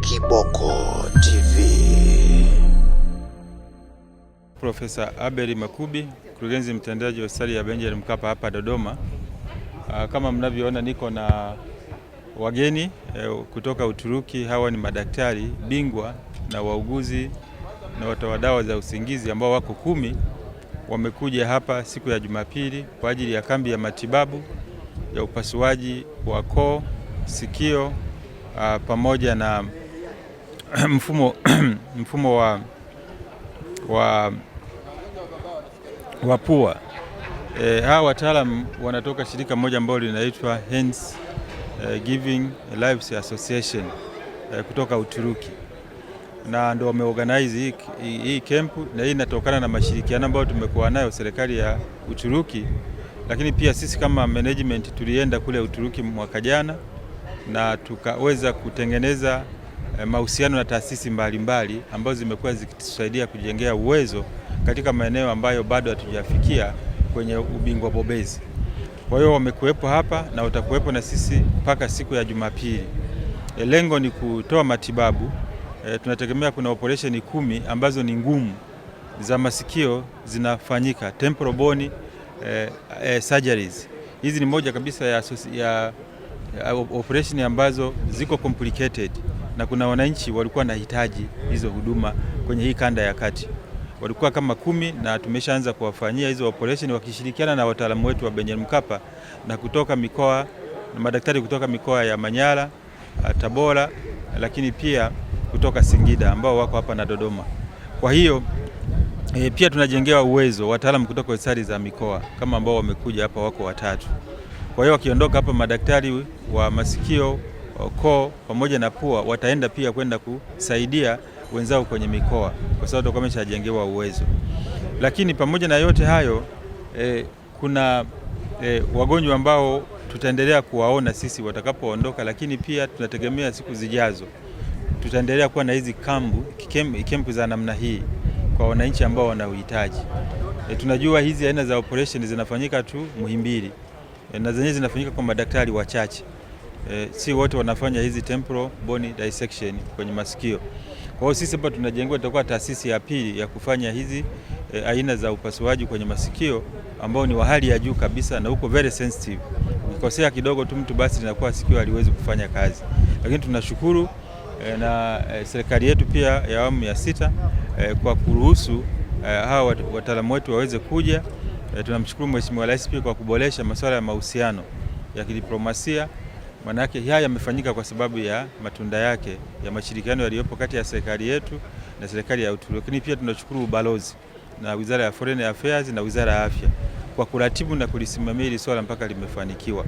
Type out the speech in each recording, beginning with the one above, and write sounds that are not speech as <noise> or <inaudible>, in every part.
Kiboko TV. Profesa Abel Makubi, mkurugenzi mtendaji wa hospitali ya Benjamin Mkapa hapa Dodoma. Ah, kama mnavyoona niko na wageni eh, kutoka Uturuki. Hawa ni madaktari bingwa na wauguzi na watoa dawa za usingizi ambao wako kumi, wamekuja hapa siku ya Jumapili kwa ajili ya kambi ya matibabu ya upasuaji wa koo, sikio, ah, pamoja na <clears throat> mfumo, <clears throat> mfumo wa, wa, wa pua. E, hawa wataalamu wanatoka shirika moja ambalo linaitwa Hands e, Giving Lives Association e, kutoka Uturuki na ndo wameorganize hii camp na hii inatokana na mashirikiano ambayo tumekuwa nayo serikali ya Uturuki, lakini pia sisi kama management tulienda kule Uturuki mwaka jana na tukaweza kutengeneza Eh, mahusiano na taasisi mbalimbali ambazo zimekuwa zikitusaidia kujengea uwezo katika maeneo ambayo bado hatujafikia kwenye ubingwa bobezi. Kwa hiyo wamekuwepo hapa na watakuwepo na sisi mpaka siku ya Jumapili. E, lengo ni kutoa matibabu. E, tunategemea kuna operesheni kumi ambazo ni ngumu za masikio zinafanyika temporal bone e, e, surgeries. Hizi ni moja kabisa ya, ya, ya operesheni ambazo ziko complicated na kuna wananchi walikuwa wanahitaji hizo huduma kwenye hii kanda ya kati, walikuwa kama kumi, na tumeshaanza kuwafanyia hizo operation wakishirikiana na wataalamu wetu wa Benjamin Mkapa na kutoka mikoa na madaktari kutoka mikoa ya Manyara, ah, Tabora, lakini pia kutoka Singida ambao wako hapa na Dodoma. Kwa hiyo e, pia tunajengewa uwezo wataalamu kutoka hospitali za mikoa kama ambao wamekuja hapa wako watatu. Kwa hiyo wakiondoka hapa madaktari wa masikio koo pamoja na pua wataenda pia kwenda kusaidia wenzao kwenye mikoa, kwa sababu watakuwa wameshajengewa uwezo. Lakini pamoja na yote hayo e, kuna e, wagonjwa ambao tutaendelea kuwaona sisi watakapoondoka, lakini pia tunategemea siku zijazo tutaendelea kuwa na hizi kambu kempu za namna hii kwa wananchi ambao wana uhitaji. E, tunajua hizi aina za operation zinafanyika tu Muhimbili e, na zenyewe zinafanyika kwa madaktari wachache e, si wote wanafanya hizi temporal bone dissection kwenye masikio. Kwa hiyo sisi hapa tunajengwa, tutakuwa taasisi ya pili ya kufanya hizi e, aina za upasuaji kwenye masikio ambao ni wa hali ya juu kabisa, na uko very sensitive. Ukikosea kidogo tu mtu basi linakuwa sikio haliwezi kufanya kazi, lakini tunashukuru e, na e, serikali yetu pia ya awamu ya sita e, kwa kuruhusu e, hawa wataalamu wetu waweze kuja. e, tunamshukuru Mheshimiwa Rais pia kwa kuboresha masuala ya mahusiano ya kidiplomasia Maanake haya yamefanyika kwa sababu ya matunda yake ya mashirikiano yaliyopo kati ya serikali yetu na serikali ya Uturuki. Lakini pia tunashukuru ubalozi na Wizara ya Foreign Affairs na Wizara ya Afya kwa kuratibu na kulisimamia hili swala mpaka limefanikiwa.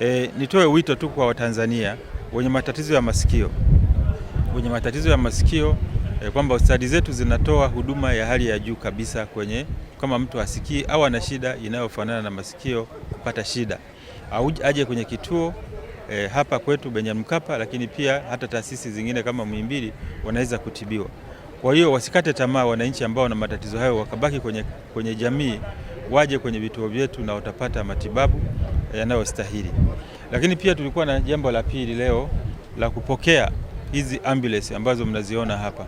E, nitoe wito tu kwa Watanzania wenye matatizo ya masikio wenye matatizo ya masikio e, kwamba hospitali zetu zinatoa huduma ya hali ya juu kabisa kwenye kama mtu asikii au ana shida inayofanana na masikio kupata shida au aje kwenye kituo e, hapa kwetu Benjamin Mkapa, lakini pia hata taasisi zingine kama Muhimbili wanaweza kutibiwa. Kwa hiyo wasikate tamaa wananchi ambao wana matatizo hayo, wakabaki kwenye, kwenye jamii, waje kwenye vituo vyetu na watapata matibabu yanayostahili. Lakini pia tulikuwa na jambo la pili leo la kupokea hizi ambulance ambazo mnaziona hapa.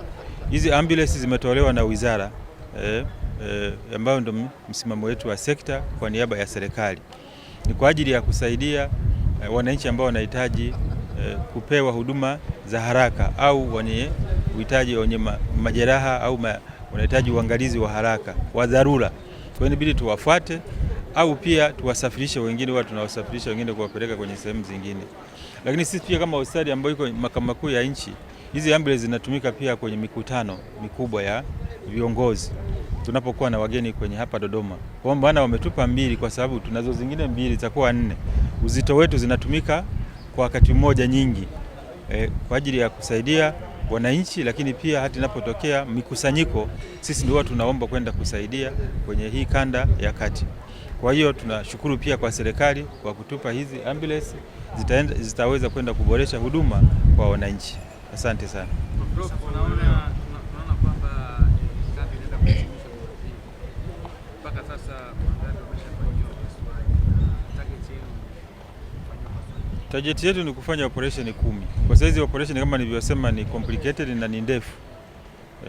Hizi ambulance zimetolewa na wizara eh, eh, ambayo ndio msimamo wetu wa sekta kwa niaba ya serikali, ni kwa ajili ya kusaidia e, wananchi ambao wanahitaji e, kupewa huduma za haraka au wenye uhitaji wenye ma, majeraha au ma, wanahitaji uangalizi wa haraka wa dharura. Kwa hiyo inabidi tuwafuate au pia tuwasafirishe wengine, huwa tunawasafirisha wengine kuwapeleka kwenye sehemu zingine. Lakini sisi pia kama hospitali ambayo iko makao makuu ya nchi, hizi ambulance zinatumika pia kwenye mikutano mikubwa ya viongozi tunapokuwa na wageni kwenye hapa Dodoma Kwa maana wametupa mbili kwa sababu tunazo zingine mbili zitakuwa nne. Uzito wetu zinatumika kwa wakati mmoja nyingi e, kwa ajili ya kusaidia wananchi, lakini pia hata inapotokea mikusanyiko sisi ndio tunaomba kwenda kusaidia kwenye hii kanda ya kati. Kwa hiyo tunashukuru pia kwa serikali kwa kutupa hizi ambulance zitaweza kwenda kuboresha huduma kwa wananchi. Asante sana. mpaka sasa target yetu ni kufanya operation kumi. Kwa saizi operation kama nilivyosema ni complicated na ni ndefu.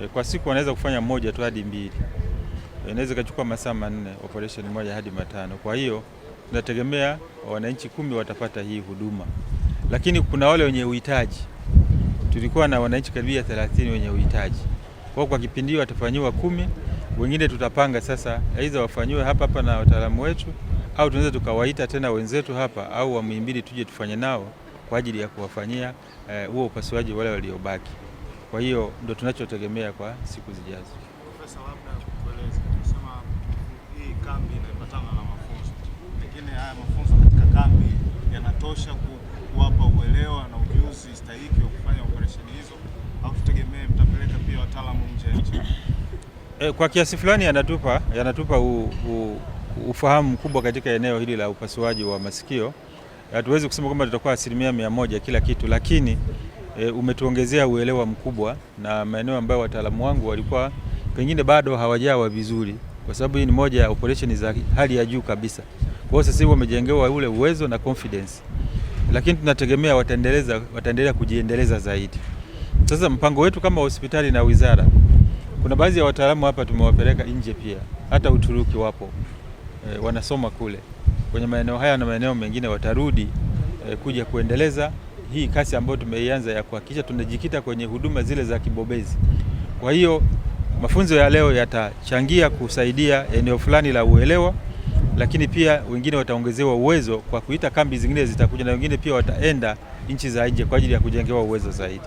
E, kwa siku wanaweza kufanya moja tu hadi mbili. E, inaweza ikachukua masaa manne operation moja hadi matano. Kwa hiyo tunategemea wananchi kumi watapata hii huduma, lakini kuna wale wenye uhitaji. Tulikuwa na wananchi karibia 30 wenye uhitaji, kwa kwa kipindi watafanyiwa kumi wengine tutapanga sasa, aidha wafanyiwe hapa hapa na wataalamu wetu, au tunaweza tukawaita tena wenzetu hapa au wa Muhimbili tuje tufanye nao kwa ajili ya kuwafanyia eh, huo uh, upasuaji wale waliobaki. Kwa hiyo ndo tunachotegemea kwa siku zijazo. Profesa, labda kueleza tunasema hii kambi inapatana na mafunzo. Pengine haya mafunzo katika kambi yanatosha kuwapa uelewa na ujuzi stahiki wa kufanya operesheni hizo, au tutegemee mtapeleka pia wataalamu nje ya nchi? e, kwa kiasi fulani yanatupa yanatupa u, u, ufahamu mkubwa katika eneo hili la upasuaji wa masikio. Hatuwezi kusema kwamba tutakuwa asilimia mia moja kila kitu, lakini e, umetuongezea uelewa mkubwa na maeneo ambayo wataalamu wangu walikuwa pengine bado hawajawa vizuri, kwa sababu hii ni moja ya operation za hali ya juu kabisa. Kwa hiyo sasa hivi wamejengewa ule uwezo na confidence, lakini tunategemea wataendeleza wataendelea kujiendeleza zaidi. Sasa mpango wetu kama hospitali na wizara kuna baadhi ya wataalamu hapa tumewapeleka nje pia, hata Uturuki wapo e, wanasoma kule kwenye maeneo haya na maeneo mengine watarudi e, kuja kuendeleza hii kasi ambayo tumeianza ya kuhakikisha tunajikita kwenye huduma zile za kibobezi. Kwa hiyo mafunzo ya leo yatachangia kusaidia eneo fulani la uelewa, lakini pia wengine wataongezewa uwezo kwa kuita kambi zingine zitakuja, na wengine pia wataenda nchi za nje kwa ajili ya kujengewa uwezo zaidi.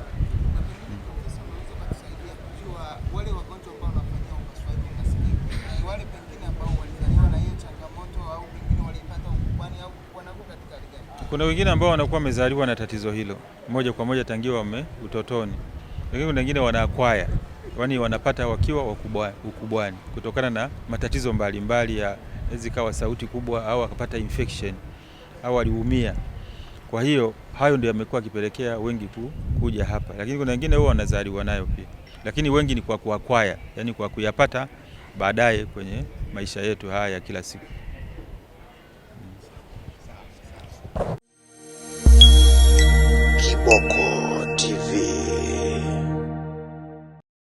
Kuna wengine ambao wanakuwa wamezaliwa na tatizo hilo moja kwa moja tangiwa wame utotoni, lakini kuna wengine wanaakwaya, yaani wanapata wakiwa wakubwa, ukubwani kutokana na matatizo mbalimbali mbali ya zikawa sauti kubwa au akapata infection au aliumia. Kwa hiyo hayo ndio yamekuwa akipelekea wengi ku, kuja hapa, lakini kuna wengine huwa wanazaliwa nayo pia, lakini wengi ni kwa kuakwaya, yani kwa kuyapata baadaye kwenye maisha yetu haya ya kila siku. око.